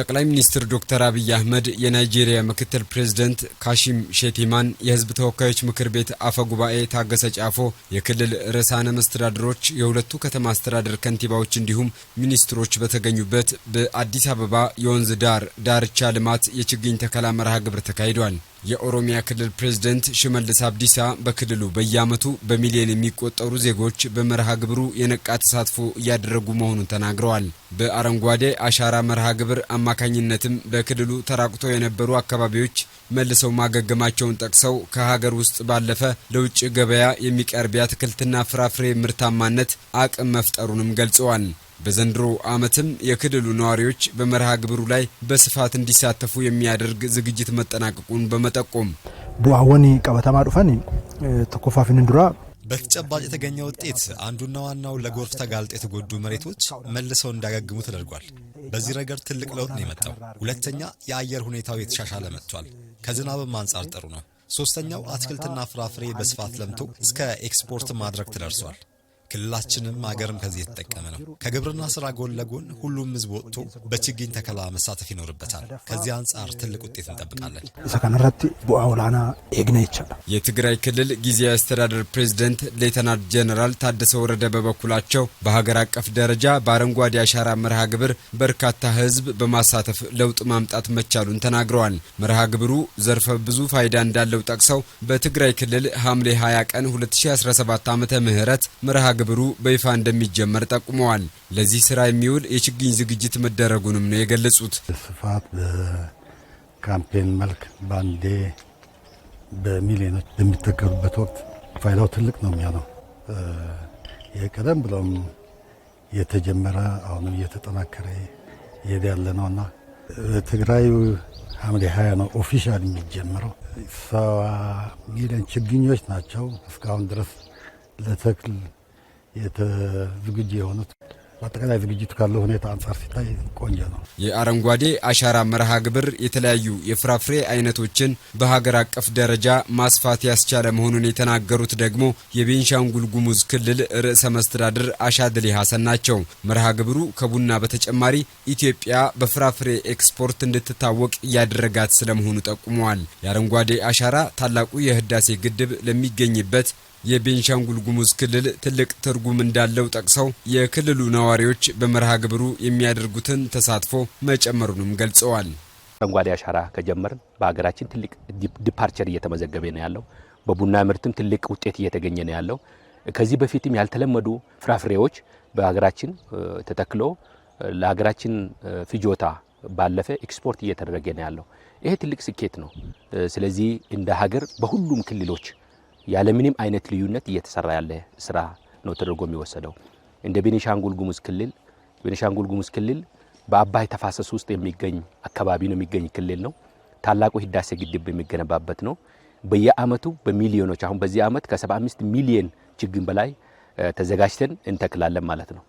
ጠቅላይ ሚኒስትር ዶክተር አብይ አህመድ የናይጄሪያ ምክትል ፕሬዝደንት ካሺም ሼቲማን፣ የህዝብ ተወካዮች ምክር ቤት አፈ ጉባኤ ታገሰ ጫፎ፣ የክልል ርዕሳነ መስተዳድሮች፣ የሁለቱ ከተማ አስተዳደር ከንቲባዎች እንዲሁም ሚኒስትሮች በተገኙበት በአዲስ አበባ የወንዝ ዳር ዳርቻ ልማት የችግኝ ተከላ መርሃ ግብር ተካሂዷል። የኦሮሚያ ክልል ፕሬዝደንት ሽመልስ አብዲሳ በክልሉ በየዓመቱ በሚሊዮን የሚቆጠሩ ዜጎች በመርሃ ግብሩ የነቃ ተሳትፎ እያደረጉ መሆኑን ተናግረዋል። በአረንጓዴ አሻራ መርሃ ግብር አማካኝነትም በክልሉ ተራቁቶ የነበሩ አካባቢዎች መልሰው ማገገማቸውን ጠቅሰው ከሀገር ውስጥ ባለፈ ለውጭ ገበያ የሚቀርብ የአትክልትና ፍራፍሬ ምርታማነት አቅም መፍጠሩንም ገልጸዋል። በዘንድሮ ዓመትም የክልሉ ነዋሪዎች በመርሃ ግብሩ ላይ በስፋት እንዲሳተፉ የሚያደርግ ዝግጅት መጠናቀቁን በመጠቆም ቡአወን ቀበተማ ዱፈን ተኮፋፊን ዱራ በተጨባጭ የተገኘ ውጤት አንዱና ዋናው ለጎርፍ ተጋልጦ የተጎዱ መሬቶች መልሰው እንዲያገግሙ ተደርጓል። በዚህ ረገድ ትልቅ ለውጥ ነው የመጣው። ሁለተኛ የአየር ሁኔታው የተሻሻለ መጥቷል። ከዝናብም አንጻር ጥሩ ነው። ሶስተኛው አትክልትና ፍራፍሬ በስፋት ለምቶ እስከ ኤክስፖርት ማድረግ ተደርሷል። ክልላችንም አገርም ከዚህ የተጠቀመ ነው። ከግብርና ስራ ጎን ለጎን ሁሉም ህዝብ ወጥቶ በችግኝ ተከላ መሳተፍ ይኖርበታል። ከዚህ አንጻር ትልቅ ውጤት እንጠብቃለን። ሰከነረት ቡአ ኦላና ይቻላል። የትግራይ ክልል ጊዜያዊ አስተዳደር ፕሬዝደንት ሌተናል ጄኔራል ታደሰ ወረደ በበኩላቸው በሀገር አቀፍ ደረጃ በአረንጓዴ አሻራ መርሃ ግብር በርካታ ህዝብ በማሳተፍ ለውጥ ማምጣት መቻሉን ተናግረዋል። መርሃ ግብሩ ዘርፈ ብዙ ፋይዳ እንዳለው ጠቅሰው በትግራይ ክልል ሐምሌ 20 ቀን 2017 ዓ ም መርሃ ግብሩ በይፋ እንደሚጀመር ጠቁመዋል። ለዚህ ስራ የሚውል የችግኝ ዝግጅት መደረጉንም ነው የገለጹት። ስፋት በካምፔን መልክ በአንዴ በሚሊዮኖች በሚተከሉበት ወቅት ፋይዳው ትልቅ ነው የሚሆነው። የቀደም ብለውም የተጀመረ አሁንም እየተጠናከረ ይሄድ ያለ እና ትግራዩ ሐምሌ ሀያ ነው ኦፊሻል የሚጀምረው። ሰባ ሚሊዮን ችግኞች ናቸው እስካሁን ድረስ ለተክል ዝግጁ የሆኑት በአጠቃላይ ዝግጅቱ ካለው ሁኔታ አንጻር ሲታይ ቆንጆ ነው። የአረንጓዴ አሻራ መርሃ ግብር የተለያዩ የፍራፍሬ አይነቶችን በሀገር አቀፍ ደረጃ ማስፋት ያስቻለ መሆኑን የተናገሩት ደግሞ የቤንሻንጉል ጉሙዝ ክልል ርዕሰ መስተዳድር አሻድሊ ሀሰን ናቸው። መርሃ ግብሩ ከቡና በተጨማሪ ኢትዮጵያ በፍራፍሬ ኤክስፖርት እንድትታወቅ እያደረጋት ስለመሆኑ ጠቁመዋል። የአረንጓዴ አሻራ ታላቁ የህዳሴ ግድብ ለሚገኝበት የቤንሻንጉል ጉሙዝ ክልል ትልቅ ትርጉም እንዳለው ጠቅሰው የክልሉ ነዋሪዎች በመርሃ ግብሩ የሚያደርጉትን ተሳትፎ መጨመሩንም ገልጸዋል። አረንጓዴ አሻራ ከጀመርን በሀገራችን ትልቅ ዲፓርቸር እየተመዘገበ ነው ያለው። በቡና ምርትም ትልቅ ውጤት እየተገኘ ነው ያለው። ከዚህ በፊትም ያልተለመዱ ፍራፍሬዎች በሀገራችን ተተክሎ ለሀገራችን ፍጆታ ባለፈ ኤክስፖርት እየተደረገ ነው ያለው። ይሄ ትልቅ ስኬት ነው። ስለዚህ እንደ ሀገር በሁሉም ክልሎች ያለምንም አይነት ልዩነት እየተሰራ ያለ ስራ ነው ተደርጎ የሚወሰደው። እንደ ቤኒሻንጉል ጉሙዝ ክልል ቤኒሻንጉል ጉሙዝ ክልል በአባይ ተፋሰስ ውስጥ የሚገኝ አካባቢ ነው የሚገኝ ክልል ነው። ታላቁ ህዳሴ ግድብ የሚገነባበት ነው። በየአመቱ በሚሊዮኖች አሁን በዚህ አመት ከ75 ሚሊዮን ችግኝ በላይ ተዘጋጅተን እንተክላለን ማለት ነው።